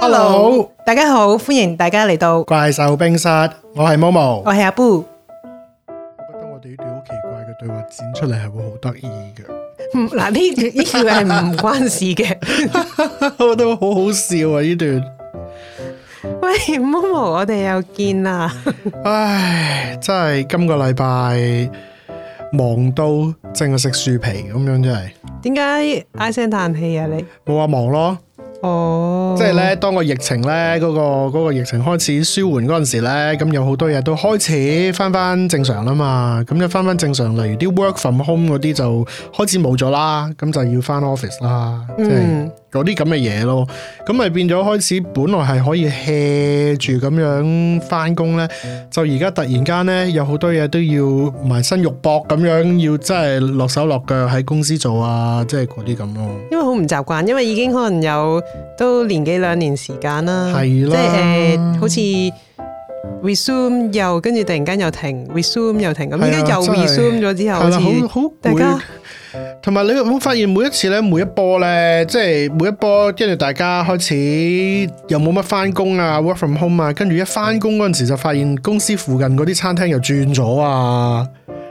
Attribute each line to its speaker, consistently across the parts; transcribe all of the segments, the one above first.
Speaker 1: Hello，
Speaker 2: Hello 大家好，歡迎大家嚟到怪獸冰室。我係 Momo，我係阿 Bo。我
Speaker 1: 覺得我哋呢段好奇怪嘅對話剪出嚟係會好得意
Speaker 2: 嘅。嗱呢呢段係唔關
Speaker 1: 事嘅， 我覺得好好笑啊！呢段，
Speaker 2: 喂，Momo，我哋又見啦。 唉，
Speaker 1: 真係今個禮拜忙到淨係食樹皮咁樣真，真係。
Speaker 2: 點解唉聲嘆氣啊？你
Speaker 1: 冇話忙咯。哦，即係咧，當個疫情咧嗰、嗰個、嗰個疫情開始舒緩嗰陣時咧，咁有好多嘢都開始返返正常啦嘛，咁就返返正常，例如啲 work from home 嗰啲就開始冇咗啦，咁就要返 office 啦，嗯、即係。嗰啲咁嘅嘢咯，咁咪變咗開始，本來係可以歇住咁樣翻工咧，就而家突然間咧，有好多嘢都要埋身肉搏咁樣，要即係落手落腳喺公司做啊，即係嗰啲咁咯。
Speaker 2: 因為好唔習慣，因為已經可能有都年幾兩年時間啦，係咯，即係誒、呃，好似。resume 又跟住突然間又停，resume 又停，咁而家又 resume 咗之後，好似大
Speaker 1: 家同埋你，會發現每一次咧，每一波咧，即係每一波，跟住大家開始又冇乜翻工啊，work from home 啊，跟住一翻工嗰陣時就發現公司附近嗰啲餐廳又轉咗啊，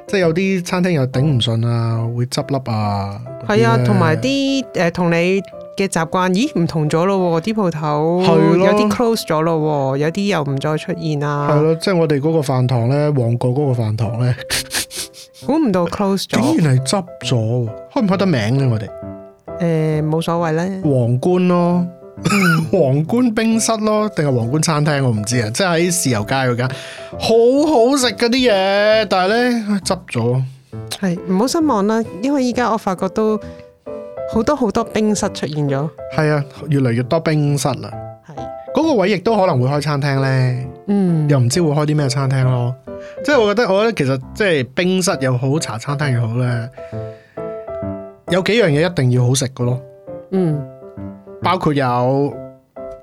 Speaker 1: 即係有啲餐廳又頂唔順啊，會執笠啊，係啊的，同埋
Speaker 2: 啲誒，同、呃、你。嘅習慣，咦？唔同咗咯，啲鋪頭係有啲 close 咗咯，有啲又唔再出現啦。係咯，
Speaker 1: 即係我哋嗰個飯堂咧，旺角嗰個飯堂咧，估 唔到 close 咗，竟然係執咗，開唔開得名咧？我哋誒冇所謂咧，皇冠咯，皇 冠冰室咯，定係皇冠餐廳？我唔知啊，即係喺豉油街嗰間好好食嗰啲嘢，但係咧執咗，係唔好失望啦，因為依家我發覺都。好多好多冰室出現咗，係啊，越嚟越多冰室啦。係嗰是個位亦都可能會開餐廳咧，嗯，又唔知會開啲咩餐廳咯。即係我覺得，我覺得其實即係冰室又好，茶餐廳又好咧，有幾樣嘢一定要好食嘅咯。嗯，包括有。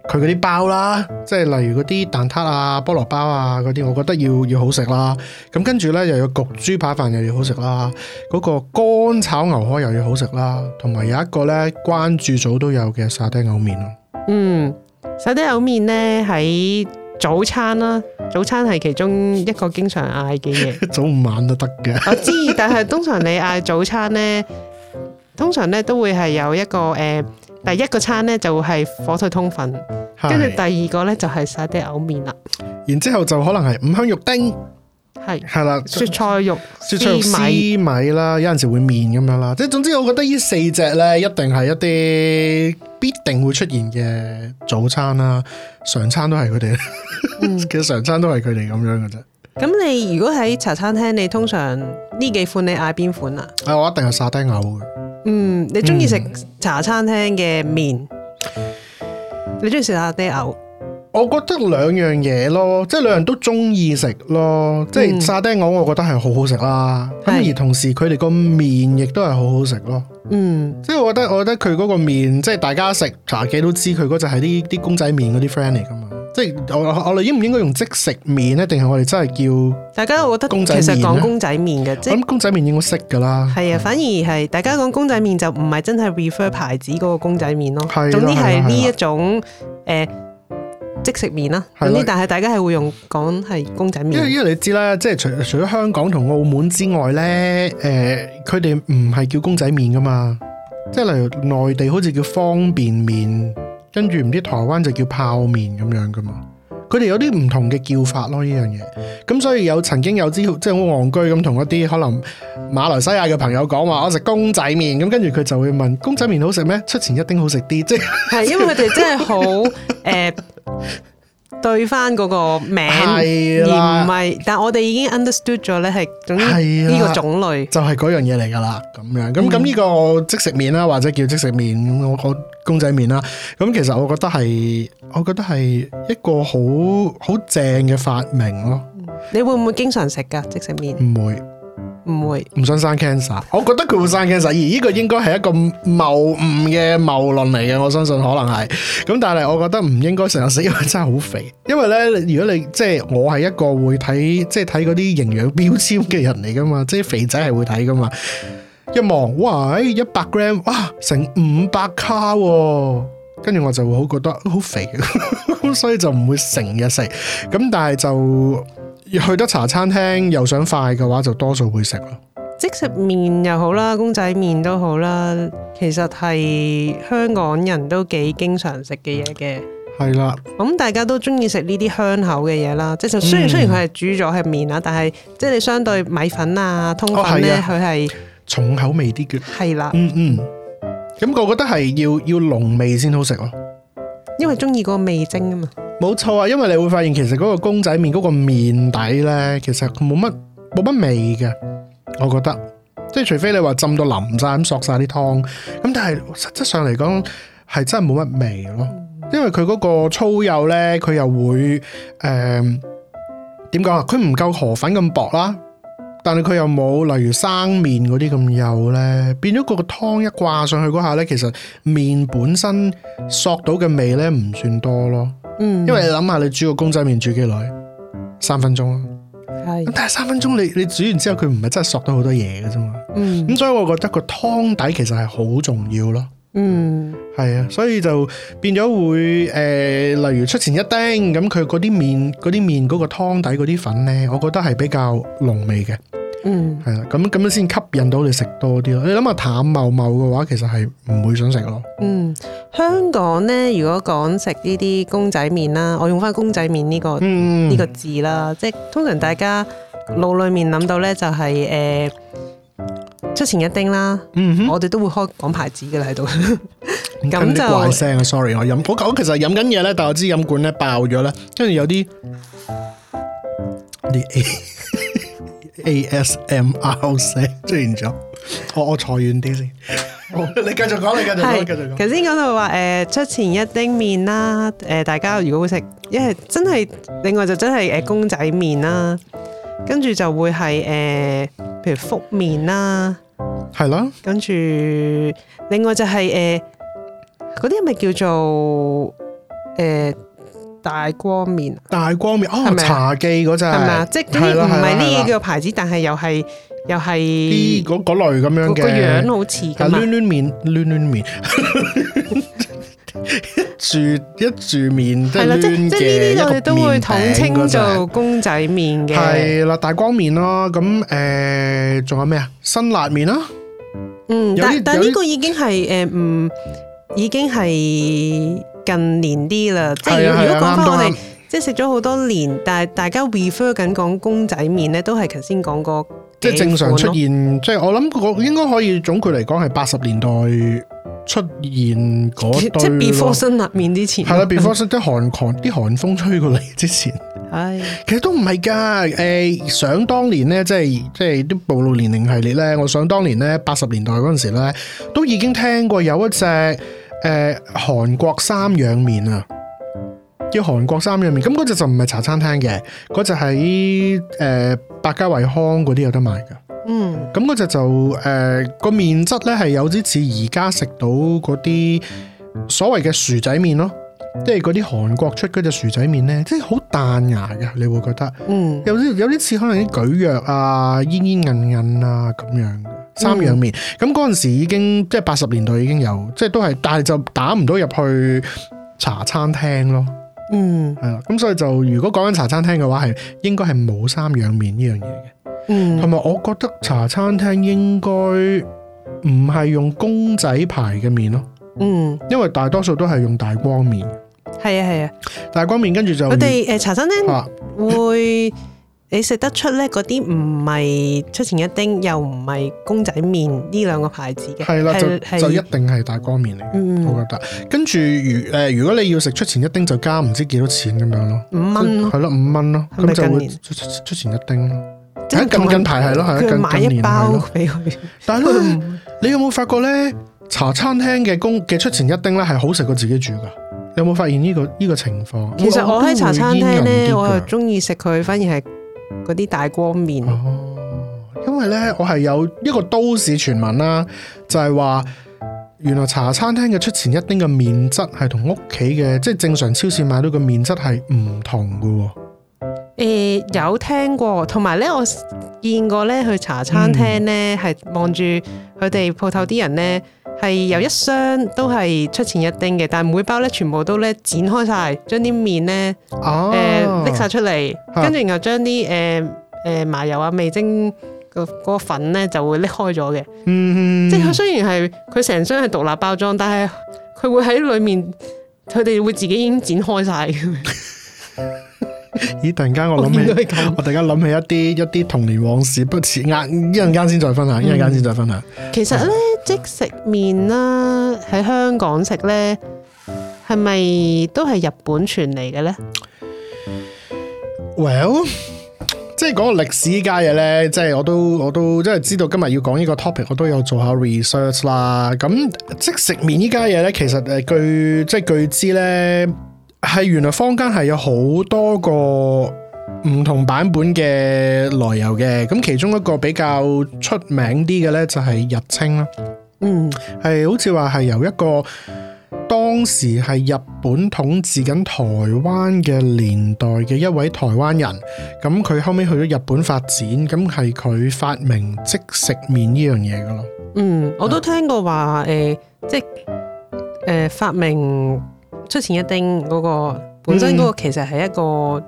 Speaker 1: 佢嗰啲包啦，即係例如嗰啲蛋撻啊、菠蘿包啊嗰啲，我覺得要要好食啦。咁跟住呢，又要焗豬扒飯又要好食啦。嗰個乾炒牛河又要好食啦。同埋有一個呢，關注組都有嘅沙爹牛麵咯。嗯，
Speaker 2: 沙爹牛麵呢，喺早餐啦，早餐係其中一個經常嗌嘅嘢。
Speaker 1: 早午晚都得嘅。 我
Speaker 2: 知，但係通常你嗌早餐呢，通常呢都會係有一個誒。呃第一個餐咧，就係火腿通粉，跟住是第二個咧，就係沙爹牛麵啦，
Speaker 1: 然之後就可能係五香肉丁，係係啦，的雪菜肉米雪菜肉米米啦，有陣時會麵咁樣啦，即係總之我覺得呢四隻咧，一定係一啲必定會出現嘅早餐啦，常餐都係佢哋，其 實、嗯、常餐都係佢哋咁樣噶啫。
Speaker 2: 咁你如果喺茶餐廳，你通常呢幾款你嗌邊款啊？啊、嗯，我一定係沙爹牛嘅。嗯，你中意食茶餐廳嘅麵？你中意食沙嗲牛？我覺得兩樣
Speaker 1: 嘢咯，即係兩人都中意食咯。即係沙丁鵪，我覺得係好好食啦。咁而同時，佢哋個麵亦都係好好食咯。嗯，即係我覺得，我覺得佢嗰個麵，即係大家食茶記都知，佢嗰隻係啲啲公仔麵嗰啲 friend 嚟噶嘛。即係我我
Speaker 2: 哋應唔應該用即食麵呢？定係我哋真係叫？大家我覺得其實講公仔麵嘅，咁公仔麵應該識噶啦。係啊，反而係大家講公仔麵就唔係真係 refer 牌子嗰個公仔麵咯。總之係呢一種誒。即食麵啦，咁啲的但係大家係會用講係公仔麵，因為因
Speaker 1: 為你知啦，即係除除咗香港同澳門之外咧，誒、呃，佢哋唔係叫公仔麵噶嘛，即係例如內地好似叫方便麵，跟住唔知台灣就叫泡麵咁樣噶嘛。佢哋有啲唔同嘅叫法咯，呢樣嘢，咁所以有曾經有啲即係好戇居咁同一啲可能馬來西亞嘅朋友講話，我食公仔麵，咁跟住佢就會問公仔麵好食咩？出前一丁好食啲，即
Speaker 2: 係是 因為佢哋真係好、 呃對翻嗰個名，係而唔係，但係我哋已經 understood 咗咧，係總之呢個種
Speaker 1: 類就係、係、嗰樣嘢嚟噶啦。咁樣咁咁呢個即食麵啦，或者叫即食麵，我個公仔麵啦。咁其實我覺得係，我覺得係一個好好正嘅發明咯。
Speaker 2: 你會唔會經常食噶即食麵？
Speaker 1: 唔會。唔會唔想生 cancer，我覺得佢會生 cancer，而呢個應該係一個謬誤嘅謬論嚟嘅，我相信可能係。咁但係我覺得唔應該成日食，因為真係好肥。因為呢，如果你即係我係一個會睇即係睇嗰啲營養標籤嘅人嚟噶嘛，即係肥仔係會睇噶嘛。一望哇，一百 gram，哇成五百卡，啊，跟住我就會好覺得好肥， 所以就唔會成日食。咁但係就。去得茶餐廳又想快嘅話，就多數會食咯。
Speaker 2: 即食麵又好啦，公仔麵都好啦，其實係香港人都幾經常食嘅嘢嘅。係啦的，咁大家都中意食呢啲香口嘅嘢啦，即係雖然雖然佢係煮咗係麵啦，但係即係你相對米粉啊、通粉咧，佢係、哦、是重口味啲嘅。係啦的，嗯嗯，咁、那、我、個、覺得係要
Speaker 1: 要濃味先好食咯，
Speaker 2: 因為中意個味精啊嘛。冇錯啊，因為你會發現
Speaker 1: 其實嗰個公仔麵嗰個麵底咧，其實佢冇乜冇乜味嘅，我覺得，即係除非你話浸到腍晒咁索晒啲湯，咁但係實質上嚟講係真係冇乜味咯，因為佢嗰個粗幼咧，佢又會誒點講啊，佢唔夠河粉咁薄啦，但係佢又冇例如生麵嗰啲咁幼咧，變咗嗰個湯一掛上去嗰下咧，其實麵本身索到嘅味咧唔算多咯。嗯，因為你諗下你煮個公仔麵煮幾耐，三分鐘咯。係的，咁但係三分鐘你你煮完之後佢唔係真係索到好多嘢嘅啫嘛。嗯，咁所以我覺得個湯底其實係好重要咯。嗯，係啊，所以就變咗會誒、呃，例如出前一丁咁佢嗰啲麵嗰啲麵嗰個湯底嗰啲粉咧，我覺得係比較濃味嘅。嗯，係啦，咁咁樣先吸引到你食多啲咯。你諗下淡茂茂嘅話，其實係唔會想食咯。嗯，
Speaker 2: 香港咧，如果講食呢啲公仔麵啦，我用翻公仔麵呢個呢個字啦，即係通常大家腦裏面諗到咧就係誒出前一丁啦。嗯，我哋都會開講牌子嘅啦喺度。咁就怪
Speaker 1: 聲啊！Sorry，我飲好，我其實飲緊嘢咧，但我知飲罐咧爆咗咧，跟住有啲啲 A。A.S.M.R. 寫，做完咗，我我坐遠啲先。好，你繼續講，你繼續
Speaker 2: 講，繼續講。頭先講到話，誒，出前一丁麵啦，誒，大家如果會食，因為真係，另外就真係，誒，公仔麵啦，跟住就會係，誒，譬如福麵啦，係啦，跟住，另外就係，誒，嗰啲係咪叫做，誒。大光麵，大光麵，哦，茶記嗰隻，係咪？即係啲唔係呢啲叫牌子，但係又係又係啲嗰嗰類咁樣嘅，個樣好似噶嘛，攣攣
Speaker 1: 麵，攣攣麵，一住一住麵都攣嘅，即係呢啲我哋都會統稱做公仔麵嘅，係啦，大光麵咯，咁誒，仲
Speaker 2: 有咩啊？辛辣麵咯，嗯，但係但係呢個已經係誒，唔已經係。近年啲啦，即係的如果講翻我哋，即係食咗好多年，的但係大家 refer 緊講公仔麵咧，都係頭先講過，即係正常出
Speaker 1: 現，即係我諗，我應該可以總括嚟講，係八十年代出現嗰堆，即係 before 生
Speaker 2: 辣麵之前，係啦 before 生
Speaker 1: 即係韓韓啲韓風吹過嚟之前，係， 其實都唔係噶，誒、呃，想當年咧，即係即係啲暴露，露年齡系列咧，我想當年咧，八十年代嗰陣時咧，都已經聽過有一隻。誒，韓國三養麵啊，叫韓國三養麵，咁嗰隻就唔係茶餐廳嘅，嗰隻喺誒百佳惠康嗰啲有得賣噶。嗯，咁嗰隻就誒個麵質咧係有啲似而家食到嗰啲所謂嘅薯仔麵咯，即係嗰啲韓國出嗰隻薯仔麵咧，即係好彈牙嘅，你會覺得，嗯，有啲有啲似可能啲蒟蒻啊、煙煙韌韌啊咁樣。三養麵，咁嗰陣時已經即係八十年代已經有，即係都係，但係就打唔到入去茶餐廳咯。嗯，係啦。咁所以就如果講緊茶餐廳嘅話，係應該係冇三養麵呢樣嘢嘅。嗯，同埋我覺得茶餐廳應該唔係用公仔牌嘅麵咯。嗯，因為大多數都係用大光麵。
Speaker 2: 係啊係啊，
Speaker 1: 大光麵跟住就我哋誒、呃、茶餐廳
Speaker 2: 會。你食得出咧？嗰啲唔係出前一丁，又唔係公仔麵呢兩個牌子嘅，係啦，就就一
Speaker 1: 定係大光麵嚟。嘅。我覺得。跟住如誒，如果你要食出前一丁，就加唔知幾多錢咁樣咯，五蚊咯，係咯，五蚊咯。咁就會出前一丁
Speaker 2: 咯。咁近排係咯，係一近近年係咯，
Speaker 1: 佢買一包俾佢。但係你有冇發覺咧？茶餐廳嘅公嘅出前一丁咧，係好食過自己煮噶。有冇發現呢個呢個情況？其實我喺茶餐廳咧，
Speaker 2: 我又中意食佢，反而係。嗰啲大鍋麵，哦，因為咧，我
Speaker 1: 係有一個都市傳聞啦，就係、是、話原來茶餐廳嘅出前一丁嘅麵質係同屋企嘅，即、就、係、是、正常超市買到嘅麵質係唔同嘅。
Speaker 2: 誒、呃，有聽過，同埋咧，我見過咧，去茶餐廳咧，係望住佢哋鋪頭啲人咧。係有一箱都係出前一丁嘅，但係每包咧全部都咧剪開晒，將啲麵咧，誒、啊呃，拎晒出嚟，啊、跟住然後將啲誒誒麻油啊味精個個粉咧就會拎開咗嘅，嗯、即係雖然係佢成箱係獨立包裝，但係佢會喺裏面，佢哋會自己已經剪開晒
Speaker 1: 咦！ 突然間我諗起， 我突然間諗起一啲一啲童年往事，不似壓一陣間先再分享，一陣間先再分享。嗯、
Speaker 2: 其實咧，即食麵啦，喺香港食咧，係咪都係日本傳嚟嘅咧
Speaker 1: ？Well，即係講個歷史依家嘢咧，即係我都我都即係知道今日要講呢個 topic，我都有做下 research 啦。咁即食麵依家嘢咧，其實誒據即係據知咧。係原來坊間係有好多個唔同版本嘅來由嘅，咁其中一個比較出名啲嘅呢，就係日清啦。嗯，係好似話係由一個當時係日本統治緊台灣嘅年代嘅一位台灣人，咁佢後尾去咗日本發展，咁係佢發明即食麵呢樣嘢噶咯。嗯，
Speaker 2: 我都聽過話，誒、啊呃，即係、呃、發明。出前一丁嗰、嗰個本身嗰個其實係一個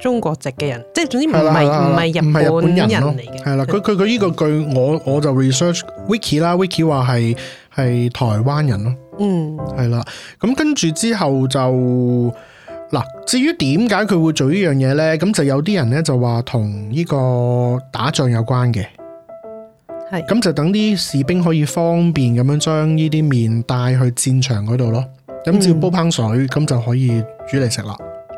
Speaker 2: 中國籍嘅人，嗯、即係總之唔係唔係日本人嚟嘅。
Speaker 1: 係啦，佢佢佢呢個句我我就 research wiki 啦，wiki 話係係台灣人咯。嗯，係啦。咁跟住之後就嗱，至於點解佢會做呢樣嘢咧？咁就有啲人咧就話同呢個打仗有關嘅，係咁的就等啲士兵可以方便咁樣將呢啲麵帶去戰場嗰度咯。咁照煲烹水，咁、嗯、就可以煮嚟食啦。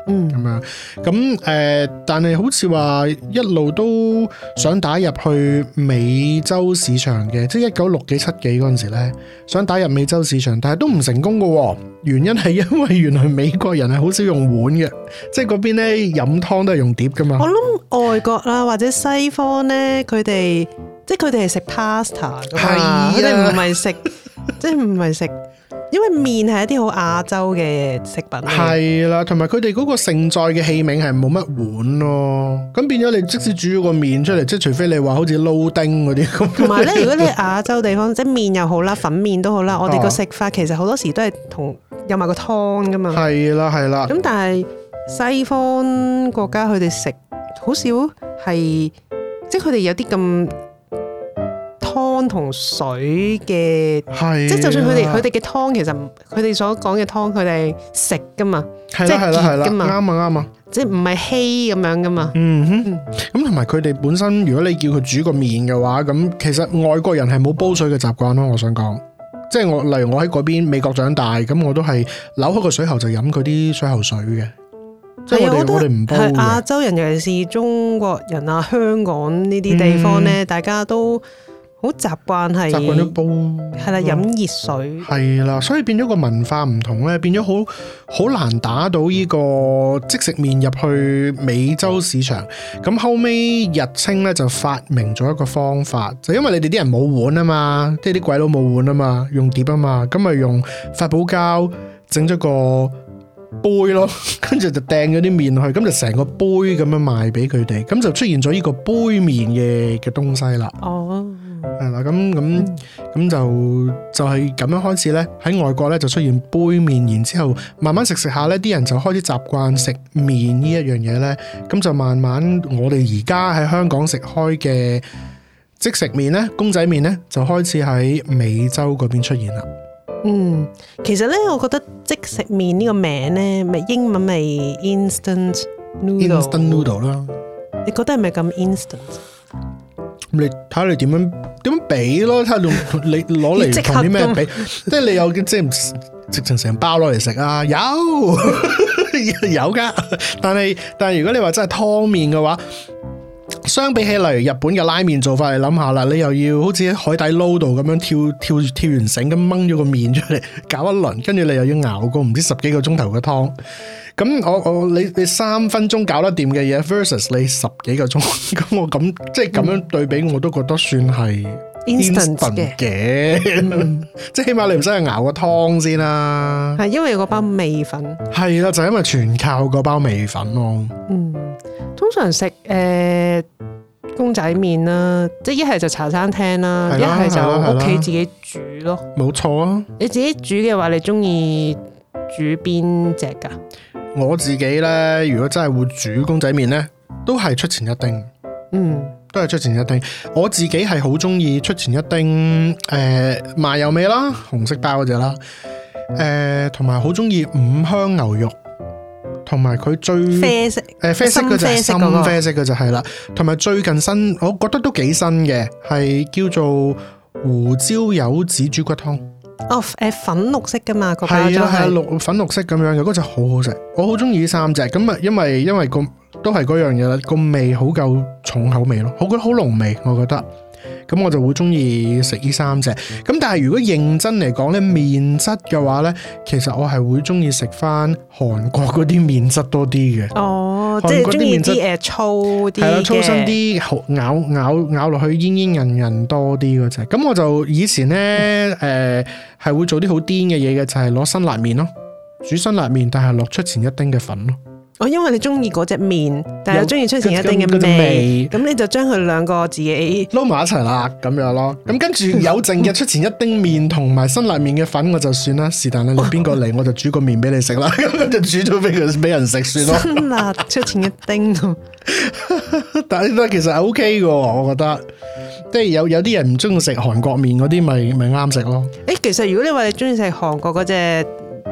Speaker 1: 嗯，咁樣咁誒、呃，但係好似話一路都想打入去美洲市場嘅，即係一九六幾七幾嗰陣時咧，想打入美洲市場，但係都唔成功噶、哦。原因係因為原來美國人係好少用碗嘅，即係嗰邊咧飲湯都係用碟噶嘛。我諗
Speaker 2: 外國啦、啊，或者西方咧，佢哋即係佢哋係食 pasta，係啊，即唔係食，即係唔係食。因為麵係一啲好亞洲嘅食品，係啦，同埋佢哋嗰個盛載嘅器
Speaker 1: 皿係冇乜碗咯，咁變咗你即使煮咗個麵出嚟，即係、嗯、除非你話好似撈丁嗰啲，同埋咧如果
Speaker 2: 你亞洲地方， 即係麵又好啦，粉麵都好啦，我哋個食法其實好多時都係同飲埋個湯噶嘛，係
Speaker 1: 啦係啦，咁
Speaker 2: 但係西方國家佢哋食好少係，即係佢哋有啲咁。湯同水嘅，的即係就算佢哋佢哋嘅湯，其實佢哋所講嘅湯，佢哋食噶嘛，的即係稠噶嘛，啱啊啱啊，即
Speaker 1: 係唔係稀咁樣噶嘛。咁同埋佢哋本身，如果你叫佢煮個麵嘅話，咁其實外國人係冇煲水嘅習慣咯。我想講，即係我例如我喺嗰邊美國長大，咁我都係扭開個水喉就飲佢啲水喉水嘅。即係的我哋們我哋唔煲嘅。亞
Speaker 2: 洲人尤其是中國人啊，香港呢啲地方咧，大家都。嗯好習慣係習慣咗煲係啦，飲熱水
Speaker 1: 係啦，所以變咗個文化唔同咧，變咗好好難打到呢個即食麵入去美洲市場。咁後尾日清咧就發明咗一個方法，就因為你哋啲人冇碗啊嘛，即係啲鬼佬冇碗啊嘛，用碟啊嘛，咁咪用發泡膠整咗個杯咯，跟 住就掟咗啲麵去，咁就成個杯咁樣賣俾佢哋，咁就出現咗呢個杯麵嘅嘅東西啦。哦。Oh. 係啦，咁咁咁就就係、是、咁樣開始咧，喺外國咧就出現杯麵，然之後慢慢食食下咧，啲人就開始習慣食麵呢一樣嘢咧，咁就慢慢我哋而家喺香港食開嘅即食麵咧，公仔麵咧就開始喺美洲嗰邊出現啦。
Speaker 2: 嗯，其實咧，我覺得即食麵呢個名咧，咪英文咪 instant noodle 啦，noodle 你覺得係咪咁 instant？你睇下
Speaker 1: 你點樣點樣俾咯，睇下仲你攞嚟同啲咩俾，即係你有即係直情成包攞嚟食啊，有 有噶，但係但係如果你話真係湯麵嘅話。相比起嚟日本嘅拉麵做法，你諗下啦，你又要好似喺海底撈度咁樣跳跳跳完繩咁掹咗個麵出嚟，搞一輪，跟住你又要熬個唔知十幾個鐘頭嘅湯，咁我我你你三分鐘搞得掂嘅嘢 versus 你十幾個鐘，咁我咁即係咁樣對比我都覺得算係。嗯 instant 嘅、嗯，即係起碼你唔使去熬個湯先
Speaker 2: 啦。係因為嗰包味粉
Speaker 1: 係啦、啊，就係、因為全靠嗰包味粉咯、啊。嗯，
Speaker 2: 通常食誒、呃、公仔麵啦、啊，即係一係就茶餐廳啦、啊，一係、啊、就屋企自己煮咯。
Speaker 1: 冇錯啊！
Speaker 2: 啊啊啊你自己煮嘅話，你中意煮邊隻噶？
Speaker 1: 我自己咧，如果真係會煮公仔麵咧，都係出前一丁。
Speaker 2: 嗯。
Speaker 1: 都係出前一丁，我自己係好中意出前一丁誒，麻、呃、油味啦，紅色包嗰隻啦，誒、呃，同埋好中意五香牛肉，同埋佢最啡色誒，啡、呃、色嘅就深啡色嘅就係啦，同埋最近新，我覺得都幾新嘅，係叫做胡椒柚子豬骨湯
Speaker 2: 哦，誒、呃，粉綠色噶嘛，係啊，係、啊、綠
Speaker 1: 粉綠色咁樣嘅，嗰隻好好食，我好中意三隻，咁啊，因為因為、嗰個。都係嗰樣嘢啦，個味好夠重口味咯，我覺得好濃味，我覺得咁我就會中意食呢三隻。咁但係如果認真嚟講咧，麵質嘅話咧，其實我係會中意食翻韓國嗰啲麵質多啲嘅。哦，
Speaker 2: 韓國啲麵質即係中意啲誒粗啲係啦，粗身啲，
Speaker 1: 咬咬咬落去，煙煙韌韌多啲嘅啫。咁我就以前咧，誒、呃、係會做啲好癲嘅嘢嘅，就係、是、攞辛辣麵咯，煮辛辣麵，但係落出前一丁嘅粉咯。
Speaker 2: 我、哦、因為你中意嗰隻麵，但係又中意出前一丁嘅味，咁你就將佢兩個自己撈埋一齊
Speaker 1: 啦，咁樣咯。咁跟住有剩嘅出前一丁麵同埋辛辣麵嘅粉，我就算啦。是但啦，你邊個嚟我就煮個麵俾你食啦，咁 就煮咗俾佢俾人食算咯。辛
Speaker 2: 辣出前一丁，
Speaker 1: 但係都其實 O K 嘅，我覺得。即係有有啲人唔中意食韓國麵嗰啲，咪咪啱食咯。
Speaker 2: 誒、欸，其實如果你話你中意食韓國嗰隻誒。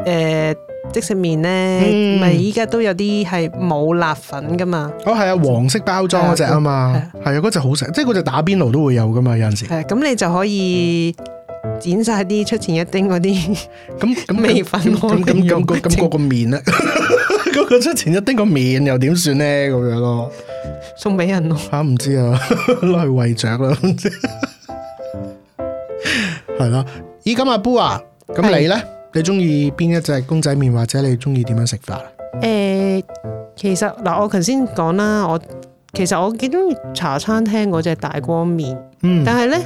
Speaker 2: 呃即食麵咧，咪依家都有啲係冇辣粉噶嘛？
Speaker 1: 哦，係啊，黃色包裝嗰隻啊嘛，係啊，嗰隻好食，即係嗰隻打邊爐都會有噶嘛，有陣時。
Speaker 2: 係咁，你就可以剪晒啲出前一丁嗰啲，咁咁味粉，咁咁
Speaker 1: 樣個咁個麵咧，嗰個出前一丁個麵又點算咧？咁樣咯，送俾人咯？啊，唔知啊，攞去喂雀啦，唔知。係啦，咦？咁阿 Boo 啊，咁你咧？你中意邊一隻公仔麵，或者你中意點樣食法？
Speaker 2: 誒、呃，其實嗱，我頭先講啦，我其實我幾中意茶餐廳嗰隻大光麵，嗯，但係咧，誒、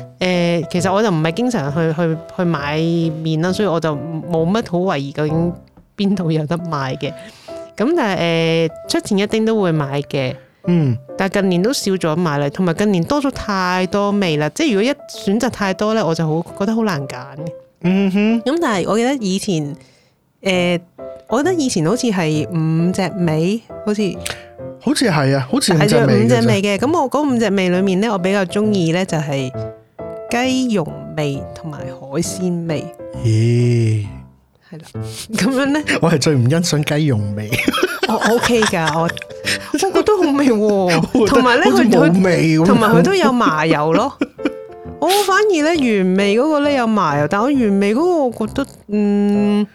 Speaker 2: 呃，其實我就唔係經常去去去買麵啦，所以我就冇乜好懷疑究竟邊度有得賣嘅。咁但係誒、呃，出前一丁都會買嘅，嗯，但係近年都少咗買啦，同埋近年多咗太多味啦，即係如果一選擇太多咧，我就好覺得好難揀。嗯哼，咁但係我記得以前，誒、呃，我覺得以前好似係五隻味，好似，
Speaker 1: 好似係啊，好似係五隻味嘅。
Speaker 2: 咁我嗰五隻味裏面咧，我比較中意咧就係雞蓉味同埋海鮮味。咦耶，係啦，咁樣咧，我係
Speaker 1: 最唔欣賞雞蓉味。
Speaker 2: 我 OK 噶，我我覺得好味，同埋咧佢佢味，同埋佢都有麻油咯。 我、哦、反而咧原味嗰個咧有埋啊，但我原味嗰個我覺得，嗯，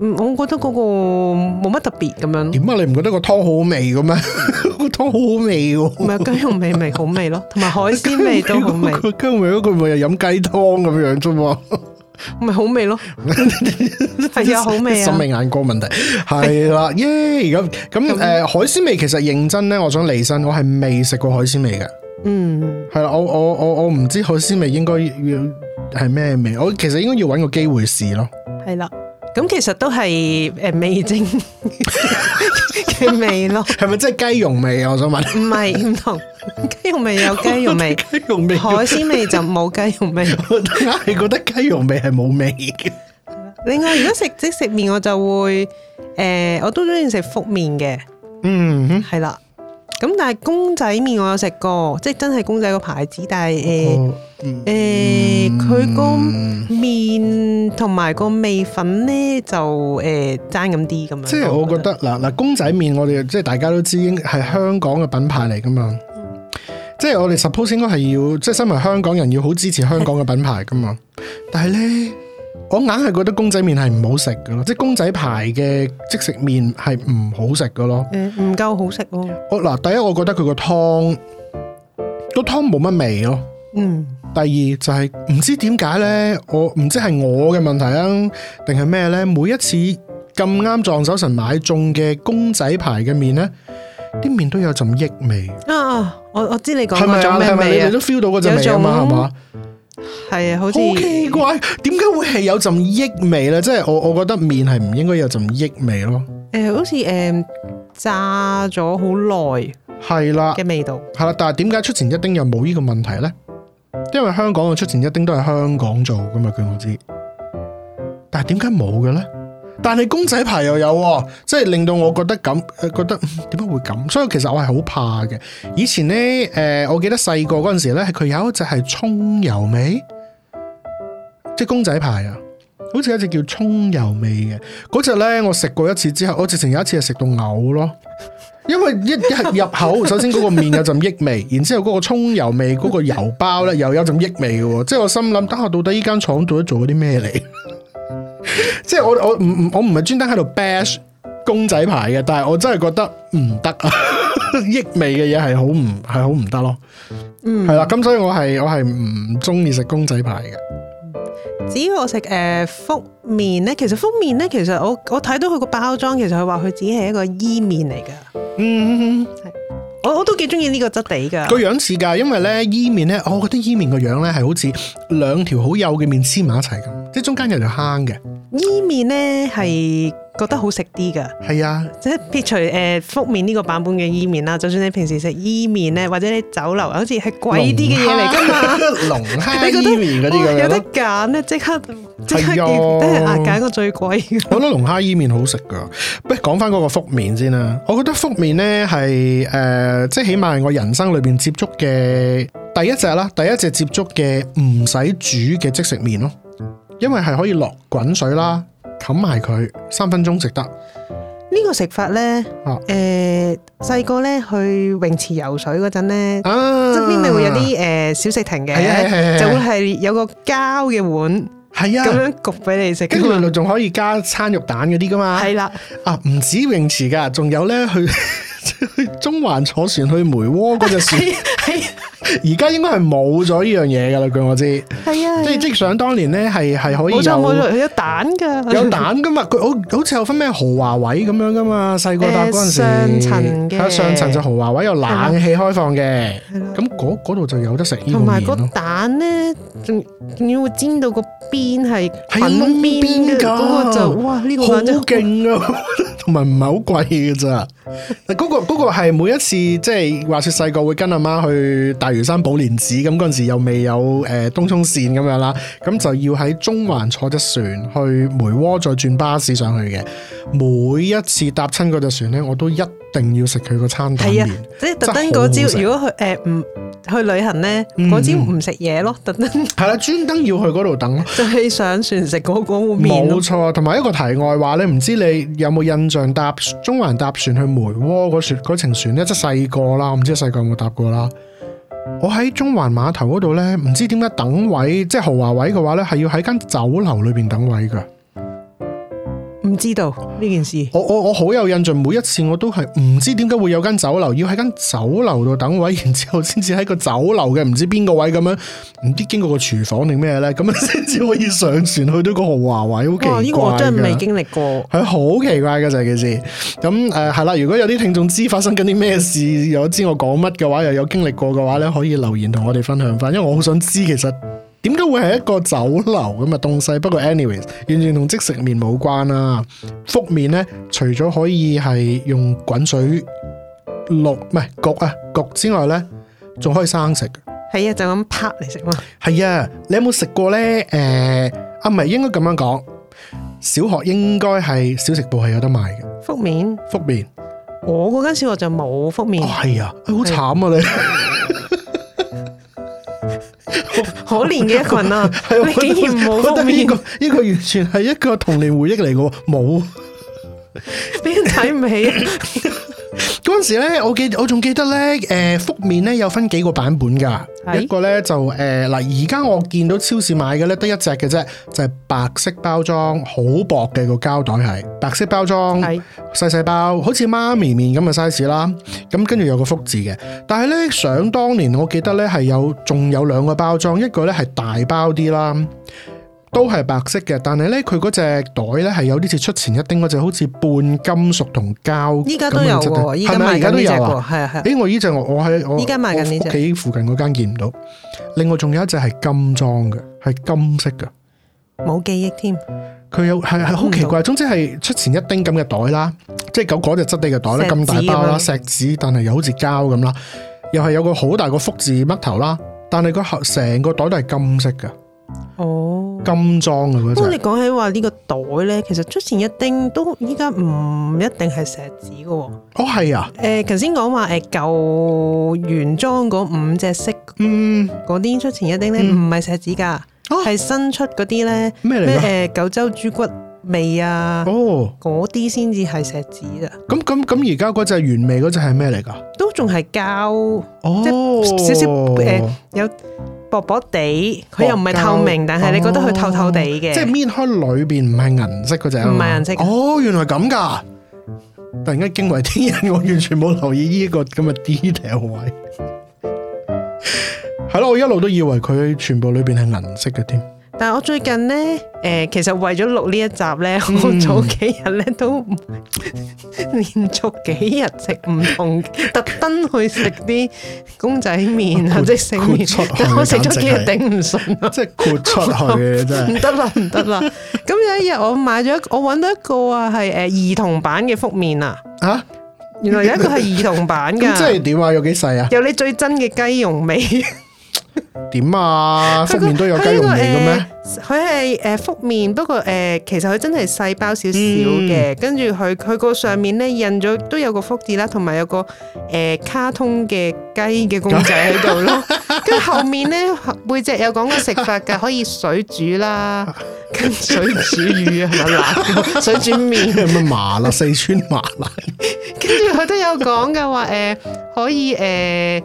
Speaker 2: 我覺得嗰個冇乜特別咁樣、樣。點解你唔覺得個湯好味嘅咩？ 個湯好好味嘅，啊，唔係雞肉味咪好味咯，同埋海鮮味都
Speaker 1: 好味。雞肉味嗰個咪又飲雞湯咁樣啫，咪好味咯。係啊，好味啊！ 審美眼光問題，係啦，耶！ 而家咁誒，海鮮味其實認真咧，我想嚟身，我係未食過海鮮味嘅。嗯，係啦，我我我我唔知海鮮味應該要係咩味，我其實應該要搵個機會試咯。
Speaker 2: 係啦，咁其實都係誒、呃、味精嘅 味咯。係咪即係雞蓉味啊？我想問，唔係唔同雞蓉味有雞蓉味，雞蓉 味海鮮味就冇雞蓉味。 我硬係覺得雞蓉味係冇味嘅。 另外，如果食即食麵，我就會誒、呃，我都中意食福麵嘅。嗯哼，係啦。咁但係公仔麵我有食過，即係真係公仔個牌子，但係誒誒佢個麵同埋個味粉咧就誒爭咁啲咁樣。呃、點點即係我覺得嗱嗱公仔麵我哋即係大家都
Speaker 1: 知應係香港嘅品牌嚟噶嘛，嗯、即係我哋 suppose 應該係要即係身為香港人要好支持香港嘅品牌噶嘛， 但係咧。我硬係覺得公仔麵係唔好食嘅咯，即係公仔牌嘅即食麵係唔好食嘅咯，唔、嗯、
Speaker 2: 夠好食咯。
Speaker 1: 我嗱第一，我覺得佢個湯，個湯冇乜味咯。嗯。第二就係、是、唔知點解咧，我唔知係我嘅問題啊，定係咩咧？每一次咁啱撞手神買中嘅公仔牌嘅麵咧，啲麵都有陣異味。
Speaker 2: 啊！我我知你講係咪啊？係咪你都 feel 到嗰陣味啊嘛？係嘛種？是係
Speaker 1: 啊，好似好奇怪，點解 會係有陣異味咧？即係我我覺得麵係唔應該有陣異味咯。
Speaker 2: 誒、呃，好似誒、呃、炸咗
Speaker 1: 好耐，係啦嘅味道，係啦。但係點解出前一丁又冇呢個問題咧？因為香港嘅出前一丁都係香港做噶嘛，據我知。但係點解冇嘅咧？但係公仔牌又有，哦，即係令到我覺得咁，呃，覺得點解，嗯、會咁？所以其實我係好怕嘅。以前呢，誒、呃，我記得細個嗰陣時咧，佢有一隻係蔥油味，即係公仔牌啊，好似有一隻叫蔥油味嘅。嗰隻呢，我食過一次之後，我直情有一次係食到嘔咯，因為一,一入口，首先嗰個麵有陣益味，然之後嗰個蔥油味嗰 個油包呢又有陣益味嘅，哦，即係我心諗，等，啊，下到底呢間廠到底做咗啲咩嚟？ 即係我我唔唔我唔係專登喺度 bash 公仔牌嘅，但係我真係覺得唔得啊！益 味嘅嘢係好唔係好唔得咯。嗯，係啦，咁所以我係我係唔中意食公仔牌嘅。嗯。
Speaker 2: 至於我食誒福麵咧，其實福麵咧，其實我我睇到佢個包裝，其實佢話佢只係一個伊麵嚟㗎。嗯。我都幾中意呢個質地㗎，個
Speaker 1: 樣似㗎。因為咧，伊麵咧，我覺得伊麵個樣咧係好似兩條好幼嘅麵黐埋一齊咁，即中間有條坑嘅。
Speaker 2: 伊麵咧係。是嗯覺得好食啲噶，係啊！即係撇除誒福麵呢個版本嘅伊麵啦，就算你平時食伊麵咧，或者你酒樓，好似係貴啲嘅嘢嚟噶嘛，龍蝦伊麵嗰啲咁樣咯。有得揀咧，即刻即呀刻點都係揀個最
Speaker 1: 貴。我覺得龍蝦伊麵好食噶，不如，講翻嗰個福麵先啦。我覺得福麵咧係誒，即係起碼係我人生裏邊接觸嘅第一隻啦，第一隻接觸嘅唔使煮嘅即食麵咯，因為係可以落滾水啦。
Speaker 2: 冚埋佢，三分鐘食得呢個食法咧，誒、哦，細個咧去泳池游水嗰陣咧，側邊咪會有啲誒、呃、小食亭嘅，啊啊啊、就會係有個膠嘅碗，係啊，咁樣焗俾你食。跟住仲可以
Speaker 1: 加餐肉蛋嗰啲噶嘛，係啦，啊，唔、啊、止泳池噶，仲有咧去。 中環坐船去梅窩嗰陣時，而家、啊、 應該係冇咗呢樣嘢噶啦，據我知。係啊。啊即係即想當年咧，係係可以。好似有有
Speaker 2: 蛋噶，有蛋
Speaker 1: 噶 嘛？佢好好似有分咩豪華位咁樣噶嘛？細個搭嗰陣時。係上層就豪華位，有冷氣開放嘅。係咁嗰度就有得食。同埋個
Speaker 2: 蛋咧，仲你會煎到個邊係粉邊噶。嗰個就哇呢個好勁啊！同埋唔係好貴噶咋。 嗰、嗰個
Speaker 1: 係、嗰個、每一次即係話説細個會跟阿媽，媽去大嶼山寶蓮寺咁，嗰陣時又，又未有誒東涌線咁樣啦，咁就要喺中環坐隻船去梅窩，再轉巴士上去嘅。每一次搭親嗰隻船咧，我都一。一定要食佢個餐蛋麵
Speaker 2: 即係特登嗰朝。如果去誒唔、呃、去旅行呢，嗰朝唔食嘢咯，特登係啦，專登、嗯、要去嗰度等， 就係上船食嗰嗰碗麵咯。冇錯，同
Speaker 1: 埋一個題外話咧，你唔知你有冇印象搭中環搭船去梅窩嗰船程船咧？即係細個啦，我唔知細個有冇搭過啦。我喺中環碼頭嗰度呢，唔知點解等位，即係豪華位嘅話呢，係要喺間酒樓裏邊等位噶。唔知道呢件事，我我我好有印象，每一次我都係唔知點解會有間酒樓，要喺間酒樓度等位，然之後先至喺個酒樓嘅唔知邊個位咁樣，唔知經過個廚房定咩呢咁啊先至可以上船去到個豪華位，好奇怪。呢、哦呢個真係未經歷過，係好奇怪嘅就係件事。咁誒係啦，如果有啲聽眾知發生緊啲咩事，又 知我講乜嘅話，又有經歷過嘅話咧，可以留言同我哋分享翻，因為我好想知其實。點解會係一個酒樓咁嘅東西？不過 anyways，完全同即食麵、啊、麵冇關啦。福麵咧，除咗可以係用滾水落唔係焗啊焗之外咧，仲可以生食嘅。
Speaker 2: 係啊，就咁拍嚟食嘛。
Speaker 1: 係啊，你有冇食過咧？誒、呃，啊，唔係應該咁樣講。小學應該係小食部係有得賣嘅。福麵，福麵。
Speaker 2: 我嗰間小學就冇福麵。係、哎哎、啊，好慘啊你。 可憐嘅一群啊！的你竟然冇，呢個呢
Speaker 1: 個完全係一個童年回憶嚟嘅，冇
Speaker 2: 俾 人睇唔起啊。 嗰陣時
Speaker 1: 咧，我記我仲記得咧，誒、呃，福麵咧有分幾個版本噶，是一個咧就誒嗱，而、呃、家我見到超市買嘅咧，得一隻嘅啫，就係、是、白色包裝，好薄嘅個膠袋係白色包裝，係細細包，好似媽咪麵咁嘅 size 啦，咁跟住有個福字嘅，但係咧想當年我記得咧係有仲有兩個包裝，一個咧係大包啲啦。都係白色嘅，但係咧，佢嗰隻袋咧係有啲似出前一丁嗰隻，好似半金屬同膠。依家都有喎，依家賣依隻啊，係係。誒，我依隻我我喺我依家賣緊呢隻。屋企附近嗰間見唔到。另外仲有一隻係金裝嘅，係金色嘅，冇記憶添。佢有係係好奇怪，總之係出前一丁咁嘅袋啦，即係咁嗰隻質地嘅袋咧，咁大包啦，錫紙，但係又好似膠咁啦，又係有個好大個福字嘜頭啦，但係個盒成個
Speaker 2: 袋都係金色嘅。.哦金，金裝嘅嗰，咁你講起話呢、這個袋咧，其實出前一丁都依家唔一定係錫紙嘅。哦嗎，係啊、呃。誒，頭先講話誒舊原裝嗰五隻色，嗯，嗰啲出前一丁咧唔係錫紙噶，係、啊、新出嗰啲咧咩嚟？誒麼、呃，九州豬骨味啊。哦，嗰啲先至係錫紙啊。
Speaker 1: 咁咁咁，而家嗰隻原味嗰隻係咩嚟噶？
Speaker 2: 都仲係膠，即、就是呃、少少誒、呃、有。薄薄地，佢又唔係透明，薄但係你覺得佢透透地嘅、哦。即係
Speaker 1: 搣開裏邊唔係銀色嗰隻，唔係銀色、嗯。哦，原來咁噶！突然間驚為天人，我完全冇留意呢個咁嘅 detail 位。係 啦，我一路都以為佢全部裏邊係銀色嘅添。
Speaker 2: 但係我最近咧，誒、呃，其實為咗錄呢一集咧，我早幾日咧都、嗯、連續幾日食唔同，特登去食啲公仔麵啊，即係食麵，我食咗幾日頂唔順咯，即係豁出去真係唔得啦，唔得啦！咁有一日我買咗，我搵到一個啊，係誒兒童版嘅福麵啊，吓， 原來有一個係兒童版噶， 即係
Speaker 1: 點啊？有幾細啊？ 有你最真嘅雞蓉味。 點啊？
Speaker 2: 福麵都有雞肉味嘅咩？佢係誒福麵，不過誒、呃、其實佢真係細包少少嘅，嗯、跟住佢佢個上面咧印咗都有個福字啦，同埋有個誒、呃、卡通嘅雞嘅公仔喺度咯。跟住 後，後面咧背脊有講個食法噶，可以水煮啦，跟水煮魚係咪辣？
Speaker 1: 水煮麵， 麻辣四川麻辣。
Speaker 2: 跟住佢都有講嘅話，誒、呃、可以誒。呃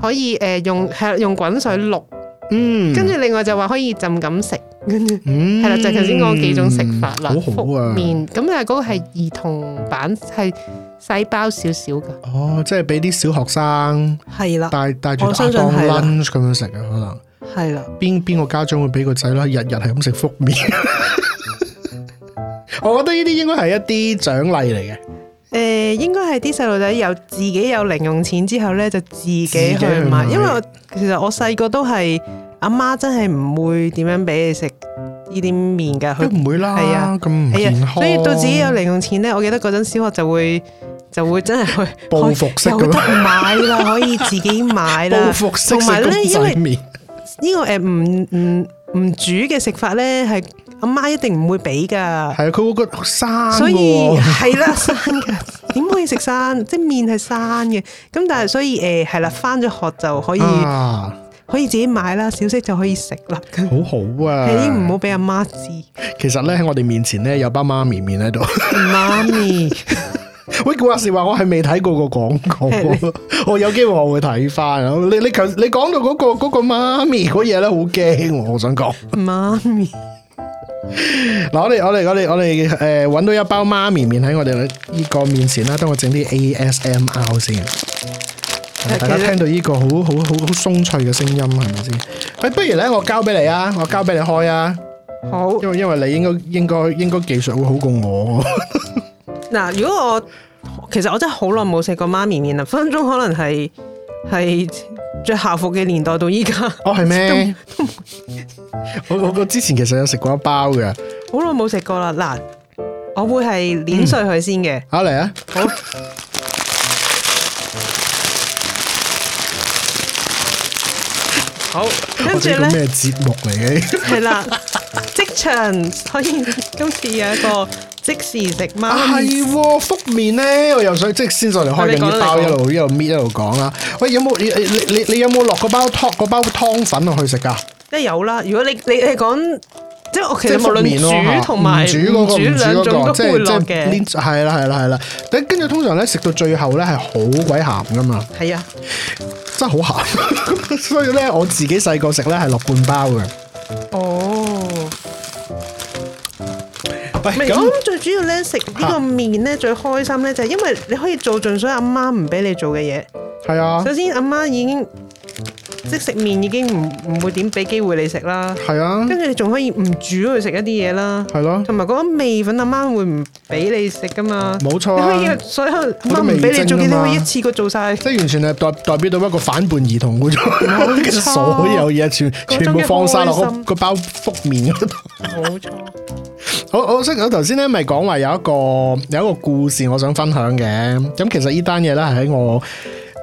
Speaker 2: 可以誒用係用滾水渌，嗯，跟住另外就話可以浸咁食，跟住係啦，就頭先講幾種食法啦。嗯、好酷啊麵，咁啊嗰個係兒童版，係細包少少噶。哦，
Speaker 1: 即係俾啲小學生係啦，帶帶住學校 lunch 咁樣食啊，可能係啦。邊邊的個家長會俾個仔啦，日日係咁食福麵？
Speaker 2: 我覺得呢啲應該係一啲獎勵嚟嘅。誒應該係啲細路仔有自己有零用錢之後咧，就自己去買。去因為我其實我細個都係阿媽，媽真係唔會點樣俾你食呢啲麵㗎。佢唔會啦，係她啊，咁唔健康、啊、所以到自己有零用錢咧，我記得嗰陣小學就會就會真係去報復式咁樣買啦，可以自己買啦。報復 式食公仔麵呢、呢個誒唔唔唔煮嘅食法咧係。阿媽一定唔會俾噶，係啊，佢會個生，所以係啦，生嘅，點可以食生？即係麵係生嘅，咁但係所以誒係啦，返咗學就可以，啊，可以自己買啦，小息就可以食啦，好好啊！你唔好俾阿媽知。其
Speaker 1: 實咧，喺我哋面前咧，有班媽咪麵喺度。媽咪，喂，話時話我係未睇過個廣告，的 我有機會我會睇返。你你你講到嗰個嗰個媽咪嗰嘢咧，好驚，我想講
Speaker 2: 媽咪。
Speaker 1: 嗱， 我哋我哋我哋我哋誒，揾、呃、到一包媽咪麵喺我哋呢個面前啦，等我整啲 A S M R 先。是大家聽到呢個好好好好鬆脆嘅聲音係咪先？誒、哎，不如咧，我交俾你啊，我交俾你開啊。好，因為因為你應該應該應該技術會好過我。
Speaker 2: 嗱， 如果我其實我真係好耐冇食過媽咪麵啦，分分鐘可能係。係着校服嘅年代到依家，哦，哦係咩？始
Speaker 1: 終 我我之前其實有食過一包嘅， 好
Speaker 2: 耐冇食過啦，嗱，我會係碾碎佢先嘅，嗯，嚟啊，好。 好，跟住咧
Speaker 1: 咩節目嚟嘅？係
Speaker 2: 啦，即場可以今次有一個即時食貓。係
Speaker 1: 喎，福麵咧，我又想即先上嚟開緊啲包，一路一路搣，一路講啦。喂，有冇你你你你有冇落嗰包湯包湯粉落去食噶？
Speaker 2: 即有啦，如果你你你講即我其實無論煮同埋唔煮嗰個兩種都會
Speaker 1: 嘅，係啦係啦係啦。跟住通常咧食到最後咧係好鬼鹹噶嘛。係啊。真係好鹹， 所以咧我自己細個食咧係落半包
Speaker 2: 嘅。哦，咁、哎、但最主要咧食呢個麵咧最開心咧就係因為你可以做盡所有阿媽唔俾你做嘅嘢。係啊，首先阿媽已經。即食麵已經唔唔會點俾機會你食啦，係啊，跟住你仲可以唔煮佢食一啲嘢啦，係咯、啊，同埋嗰味粉阿媽會唔俾你食噶嘛？冇錯、啊，你可以所有唔係俾你做嘢，嘛你可以一次過做
Speaker 1: 晒，即係完全係代代表到一個反叛兒童嗰種，啊、 所有嘢全全部放晒落個包覆麵嗰
Speaker 2: 度。
Speaker 1: 冇錯， 好，我我識我頭先咧咪講話有一個有一個故事我想分享嘅，咁其實呢單嘢咧係喺我。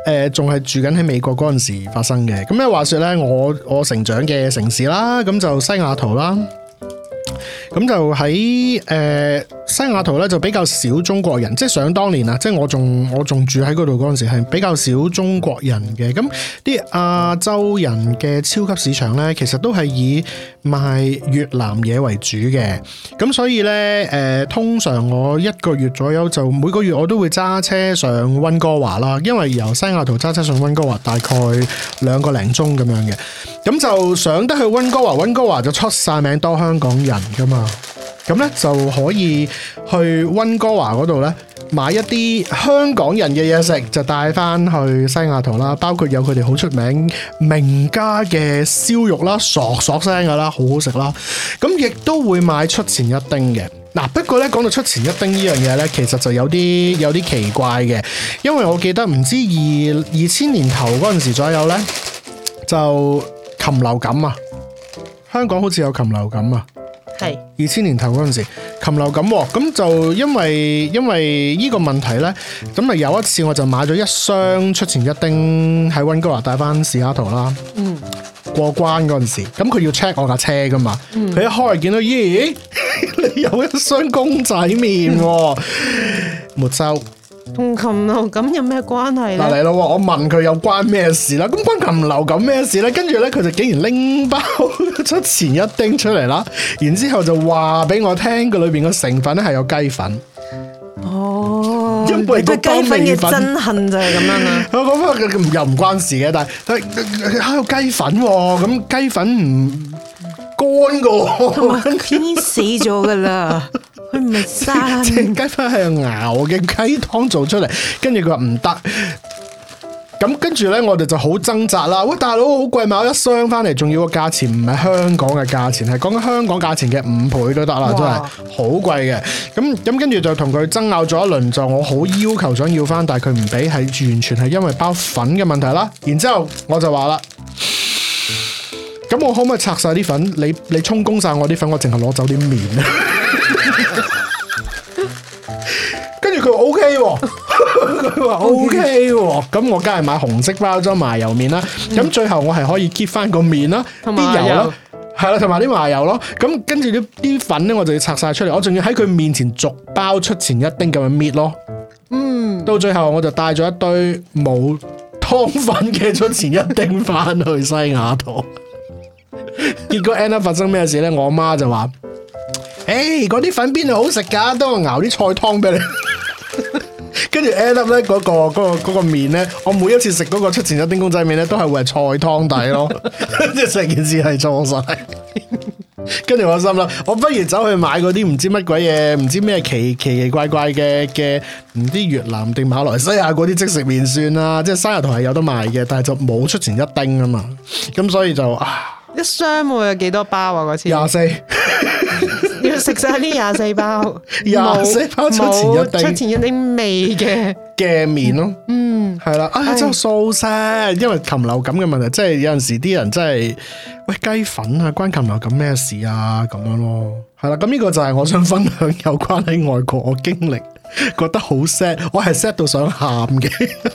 Speaker 1: 誒仲係住緊喺美國嗰陣時發生嘅，咁話說呢，我我成長嘅城市啦，咁就西雅圖啦。咁就喺誒、呃、西雅圖呢，就比較少中國人，即係想當年啊，即係我仲我仲住喺嗰度嗰陣時，係比較少中國人嘅。咁啲亞洲人嘅超級市場呢，其實都係以賣越南嘢為主嘅。咁所以呢，誒、呃、通常我一個月左右就每個月我都會揸車上溫哥華啦，因為由西雅圖揸車上溫哥華大概兩個零鐘咁樣嘅。咁就上得去溫哥華，溫哥華就出晒名多香港人。噶嘛，咁咧就可以去溫哥華嗰度咧買一啲香港人嘅嘢食，就帶翻去西雅圖啦。包括有佢哋好出名名家嘅燒肉啦，嗦嗦聲噶啦，好好食啦。咁亦都會買出前一丁嘅。嗱，不過咧講到出前一丁呢樣嘢咧，其實就有啲有啲奇怪嘅，因為我記得唔知二二千年頭嗰陣時左右咧就禽流感啊，香港好似有禽流感啊。係二千年頭嗰陣時，禽流感咁就因為因為呢個問題咧，咁咪有一次我就買咗一箱，嗯、出前一丁喺溫哥華帶翻西雅圖啦。嗯，過關嗰陣時，咁佢要 check 我架車㗎嘛，佢、嗯、一開見到，咦， 你有一箱公仔麵喎，哦、嗯、沒收。
Speaker 2: 同禽流感有咩
Speaker 1: 關係？嗱嚟咯，我問佢有關咩事啦？咁關禽流感咩事咧？跟住咧，佢就竟然拎包出前一丁出嚟啦，然之後就話俾我聽，佢裏邊個成分咧係有雞粉。
Speaker 2: 哦，因為雞粉嘅憎恨
Speaker 1: 就係咁樣啊。 mates, 我講翻佢又唔關事嘅，但係佢係喺度雞粉喎，咁雞粉唔干噶，已經死咗噶啦。佢唔係生，突然間翻去牛嘅雞湯做出嚟，跟住佢話唔得，咁跟住呢，我哋就好掙扎啦。喂，大佬好貴嘛，一箱翻嚟仲要個價錢唔係香港嘅價錢，係講緊香港價錢嘅五倍都得啦，哇真係好貴嘅。咁咁跟住就同佢爭拗咗一輪，就我好要求想要翻，但係佢唔俾，係完全係因為包粉嘅問題啦。然之後我就話啦，咁我可唔可以拆晒啲粉？你你充公晒我啲粉，我淨係攞走啲麵啊！ 佢話 O K 喎，O K 喎，咁我梗係買紅色包裝麻油麵啦。咁、嗯、最後我係可以 keep 翻個麵啦，啲油啦，係啦，同埋啲麻油咯。咁跟住啲啲粉咧，我就要拆晒出嚟。我仲要喺佢面前逐包出前一丁咁樣搣咯。嗯，到最後我就帶咗一堆冇湯粉嘅出前一丁翻去西雅圖。 結果 e n d up 發生咩事咧？我媽就話：，誒、hey,，嗰啲粉邊度好食噶？幫我熬啲菜湯俾你。 跟住 end up 咧，嗰個嗰個嗰麵咧，我每一次食嗰個出前一丁公仔麵咧，都係會係菜湯底咯，即係成件事係錯晒。跟 住我心諗，我不如走去買嗰啲唔知乜鬼嘢，唔知咩奇奇奇怪怪嘅嘅唔知越南定馬來西亞嗰啲即食麵算啦，即係生日頭係有得賣嘅，但係就冇出前一丁啊嘛，咁 所以就
Speaker 2: 一箱會有幾多包啊？嗰次廿四。食晒啲廿四包，廿四包出前一出前有啲味嘅嘅麵咯，嗯，係啦
Speaker 1: 的，啊、哎，真係 so s 因為禽流感嘅問題，哎、即係有陣時啲人真係喂雞粉啊，關禽流感咩事啊，咁樣咯，係啦，咁呢個就係我想分享有關喺外國我經歷，覺得好 sad，我係 sad 到想喊嘅。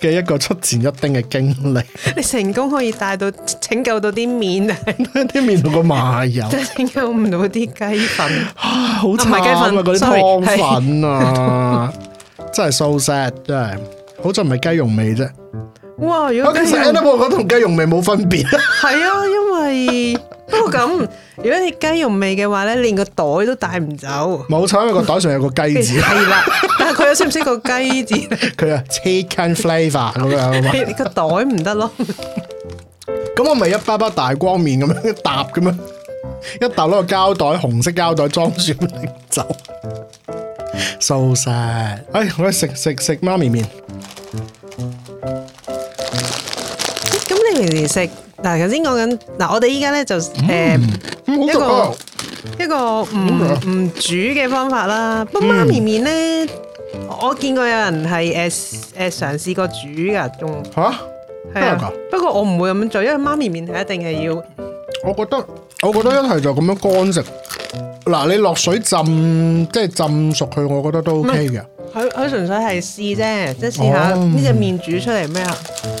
Speaker 1: 嘅一個出前一丁嘅經歷，
Speaker 2: 你成功可以帶到拯救到啲麵啊！
Speaker 1: 啲麵同個麻油
Speaker 2: 拯救唔到啲雞粉，好唔差啊！嗰啲湯粉
Speaker 1: 啊， 真係 so sad，真係，好
Speaker 2: 似唔係雞蓉味啫。哇！如果其實 a n o 同雞蓉味冇分別，係 啊，因為。 不過咁，如果你雞肉味嘅話咧，連個袋都帶唔走。冇錯，因為個袋上有個雞字。係啦，但係佢又識唔識個雞字？佢啊，chicken
Speaker 1: flavor 咁樣。 你個袋唔得咯。咁 我咪一包包大光麵咁樣搭嘅咩？一沓，攞個膠袋，紅色膠袋裝住拎走。素晒，哎，我哋食食食媽咪麵。
Speaker 2: 平時食嗱，頭先講緊嗱，我哋依家咧就誒一個、啊、一個唔唔、啊、煮嘅方法啦。不過媽咪麵咧，我見過有人係誒誒嘗試過煮噶，仲，吓？係啊，不過我唔會咁做，因為媽咪麵係一定係要。我覺得，
Speaker 1: 我覺得一係就咁樣乾食。嗱、嗯，你落水浸即係浸熟佢，我覺得都 O K 嘅。佢
Speaker 2: 佢純粹係試啫，即係試下呢隻麵煮出嚟咩啊？嗯嗯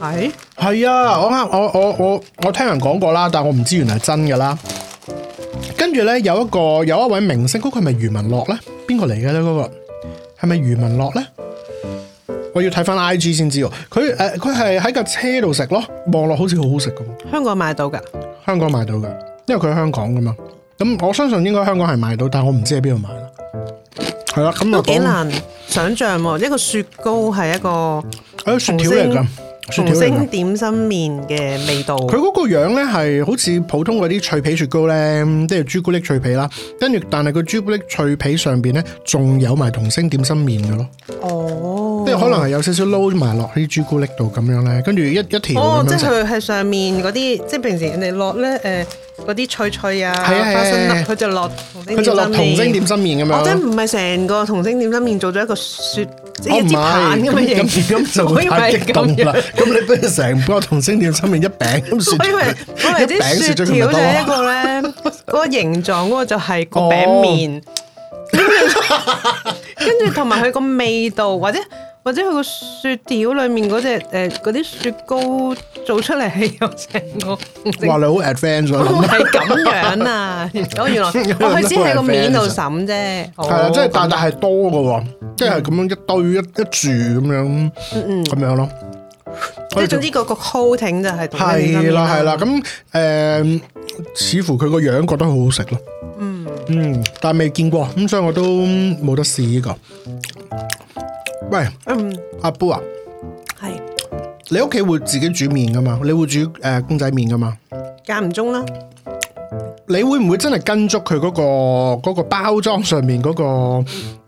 Speaker 1: 係係、哎、啊！我啱我我我我聽人講過啦，但我唔知原來係真噶啦。跟住咧有一個有一位明星，嗰個係咪余文樂咧？邊、嗰個嚟噶咧？嗰個係咪余文樂咧？我要睇翻 I G 先知哦。佢誒，佢係喺架車度食咯，望落好似好好食咁。香港買到噶？香港買到噶，因為佢喺香港噶嘛。咁我相信應該香港係買到，
Speaker 2: 但我唔知喺邊度買咯。係啦、啊，咁又都幾難想象喎。一個雪糕係一個誒、哎、雪條嚟噶。童星點心麵嘅味道，佢嗰
Speaker 1: 個樣咧係好似普通嗰啲脆皮雪糕咧，即係朱古力脆皮啦。跟住，但係個朱古力脆皮上邊咧，仲有埋童星點心麵、哦、點點麵嘅咯。
Speaker 2: 哦，即係可能係
Speaker 1: 有少少撈埋落去啲朱古力度咁樣咧。跟住一一條，哦，即係
Speaker 2: 佢喺上面嗰啲，即係平時人哋落咧，誒、呃。嗰啲脆脆啊，哎、呀花生粒，佢就落同佢就落童星點心麵咁樣。或者唔係成個童星點心麵做咗一個雪，即、哦、一支棒咁嘅形。咁就太激動啦，
Speaker 1: 咁你都要成個童星點心麵一餅咁雪。因為因為啲雪條一個
Speaker 2: 咧， 個形狀嗰個就係個餅面，跟住同埋佢個味道或者。.或者佢個雪條裡面嗰隻誒，嗰啲雪糕做出嚟係有成個，哇！你好 advance 唔係咁樣啊，哦，原來佢只係個面度審啫，係啊，即係但
Speaker 1: 係係多嘅喎，即係咁樣一堆一一柱咁樣，嗯，咁樣咯，即係總之
Speaker 2: 嗰個 coating 就係係啦係
Speaker 1: 啦，咁誒，似乎佢個樣覺得好好食咯，嗯嗯，但係未見過，咁所以我都冇得試呢個。喂，嗯，阿波啊，係你屋企會自己煮麵噶嘛？你會煮誒公仔麵噶嘛？
Speaker 2: 間唔中啦，
Speaker 1: 你會唔會真係跟足佢嗰個嗰個包裝上面嗰個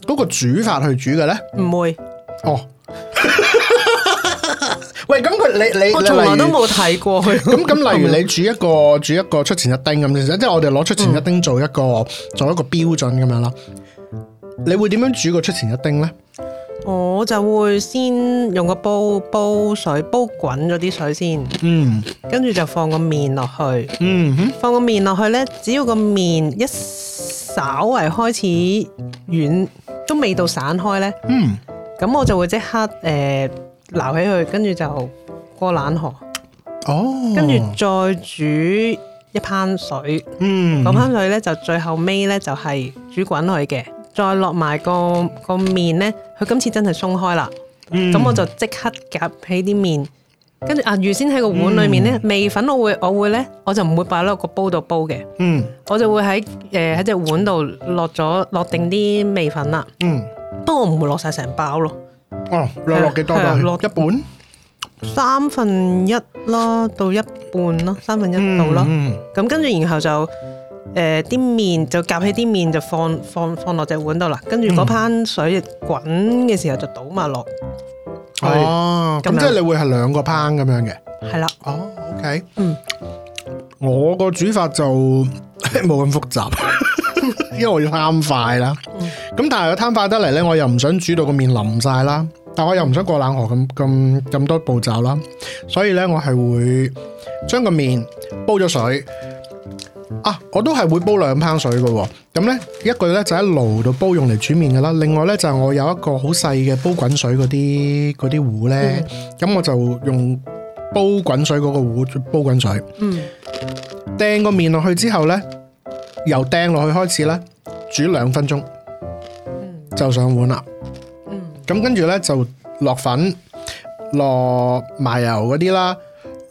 Speaker 1: 嗰個煮法去煮嘅咧？唔會。哦，喂，咁佢你你我從來都冇睇過。咁咁，例如你煮一個煮一個出前一丁咁，即係我哋攞出前一丁做一個做一個標準咁樣啦。你會點樣煮個出前一丁咧？
Speaker 2: 我就會先用個煲煲水，煲滾咗啲水先。嗯，跟住就放個麵落去。嗯哼，放個麵落去呢，只要個麵一稍微開始軟，都未到散開呢，嗯，咁我就會即刻誒撈起佢，跟住就過冷河。哦，跟住再煮一盆水。嗯，嗰盆水呢，就最後尾呢，就係煮滾佢嘅。再落埋個個麵咧，佢今次真係鬆開啦。咁、嗯、我就即刻夾起啲麵，跟住啊預先喺個碗裏面咧，嗯、味粉我會我會咧，我就唔會擺落個煲度煲嘅。
Speaker 1: 嗯，
Speaker 2: 我就會喺誒喺隻碗度落咗落定啲味粉啦。嗯，不過我唔會落晒成包咯。哦，落落幾多？落一半，啊啊啊、三分一啦，到一半咯，三分一度咯。咁跟住然後就。誒，啲麵、呃、就夾起啲麵就放放放落隻碗度啦，跟住嗰烹水滾嘅時候、嗯、就倒埋落。
Speaker 1: 哦，咁即係你會係兩個烹咁樣嘅？
Speaker 2: 係啦，哦，OK，嗯，
Speaker 1: 我個煮法就冇咁 複雜， 因為我要貪快啦。咁、嗯、但係我貪快得嚟咧，我又唔想煮到個麵淋晒啦，但係我又唔想過冷河咁咁咁多步驟啦，所以咧我係會將個麵煲咗水。啊！我都係會煲兩烹水嘅、哦，咁咧一個咧就喺爐度煲用嚟煮麵嘅啦。另外咧就係，是，我有一個好細嘅煲滾水嗰啲嗰啲壺咧，咁、嗯、我就用煲滾水嗰個壺煲滾水。嗯。掟個麵落去之後咧，由掟落去開始咧，煮兩分鐘，就上碗、嗯、就啦。嗯。咁跟住咧就落粉、落麻油嗰啲啦，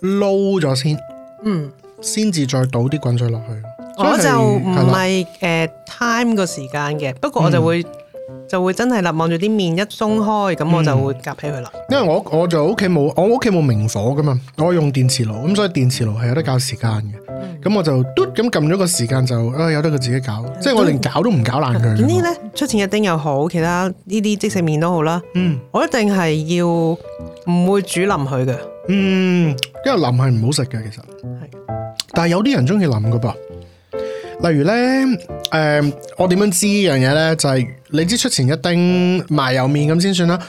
Speaker 1: 撈咗先。嗯。先至再倒啲滾水落去。我就唔
Speaker 2: 係誒 time 個時間嘅，不過我就會就會真係笠望住啲麵一鬆開，咁我就會夾起佢啦。
Speaker 1: 因為我我就屋企冇我屋企冇明火噶嘛，我用電磁爐，咁所以電磁爐係有得較時間嘅。咁我就嘟咁撳咗個時間就啊，有得佢自己搞，即係我連搞
Speaker 2: 都唔搞爛佢。點知咧，出前一丁又好，其他呢啲即食麵都好啦。嗯，我一定係要唔會煮腍佢嘅。嗯，因為腍係唔好食嘅，其實係。
Speaker 1: 但係有啲人中意諗噶噃，例如咧，誒、呃，我點樣知呢樣嘢咧？就係、是、你知出前一丁麻油麵咁先算啦。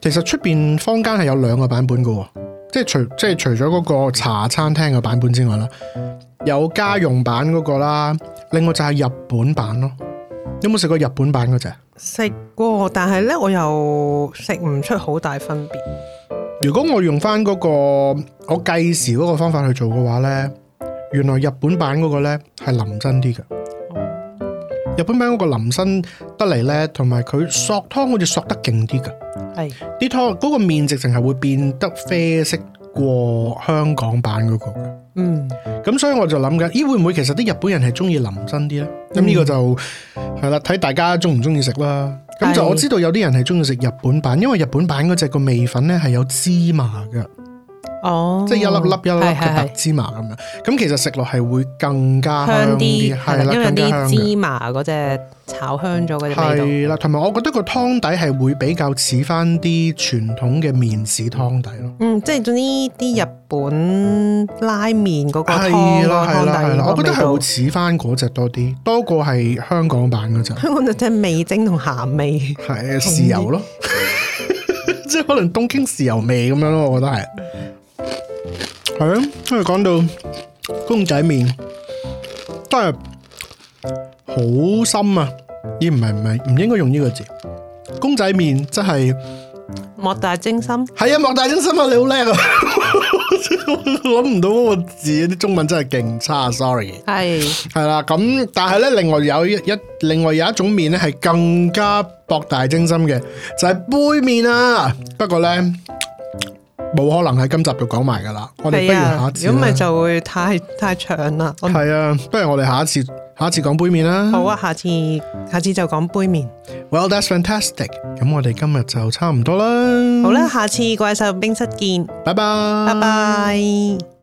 Speaker 1: 其實出面坊間係有兩個版本噶，即係除即係除咗嗰個茶餐廳嘅版本之外啦，有家用版嗰個啦，另外就係日本版咯。有冇食過日本版嗰隻？食
Speaker 2: 過，但係咧，我又食唔出好大分別。
Speaker 1: 如果我用翻嗰個我計時嗰個方法去做嘅話咧？原來日本版嗰個呢係腍身啲嘅，嗯、日本版嗰個腍身得嚟呢，同埋佢嗦湯好似嗦得勁啲嘅，係啲是湯嗰、嗰個麵直情係會變得啡色過香港版嗰個嘅，嗯，咁所以我就諗緊咦會唔會其實啲日本人係中意腍身啲呢？咁呢、嗯、個就係啦，睇大家中唔中意食啦。咁就我知道有啲人係中意食日本版，的因為日本版嗰隻個味粉呢係有芝麻嘅。
Speaker 2: 哦，oh, 即係一粒粒一粒嘅白
Speaker 1: 芝麻咁樣，咁其實食落係會更加香啲，係啦，的因為啲芝
Speaker 2: 麻嗰隻炒香咗嘅味道。係
Speaker 1: 啦，同埋我覺得個湯底係會比較似翻啲傳統嘅麵豉湯底咯。嗯，
Speaker 2: 即係總之啲日本拉麵嗰個湯湯底嗰個味道，我覺得係會
Speaker 1: 似翻嗰隻多啲，多過係香港版嗰隻。香港、嗯、就真係味精同鹹味，係的豉油咯， 即係可能東京豉油味咁樣咯，我覺得係。係啊，因為講到公仔麵真係好深啊！咦，唔係唔係，唔應該用呢個字。公仔麵真係
Speaker 2: 莫大精心。
Speaker 1: 係啊，莫大精心啊！你好叻啊！諗唔到個字，啲中文真係勁差，sorry。係係啦，咁但係咧，另外有一一另外有一種麵咧，係更加博大精深嘅，就係杯麵啊！不過咧。冇可能喺今集就講埋噶啦，啊、我哋不如下次，如果唔係就會太太長啦。係啊，不如我哋下一次，下一次講杯麵啦。好啊，下次，
Speaker 2: 下次就講杯麵。Well that's fantastic。
Speaker 1: 咁我哋今日就差唔多啦。好啦、啊，
Speaker 2: 下次怪獸冰室見，拜拜 bye，拜拜。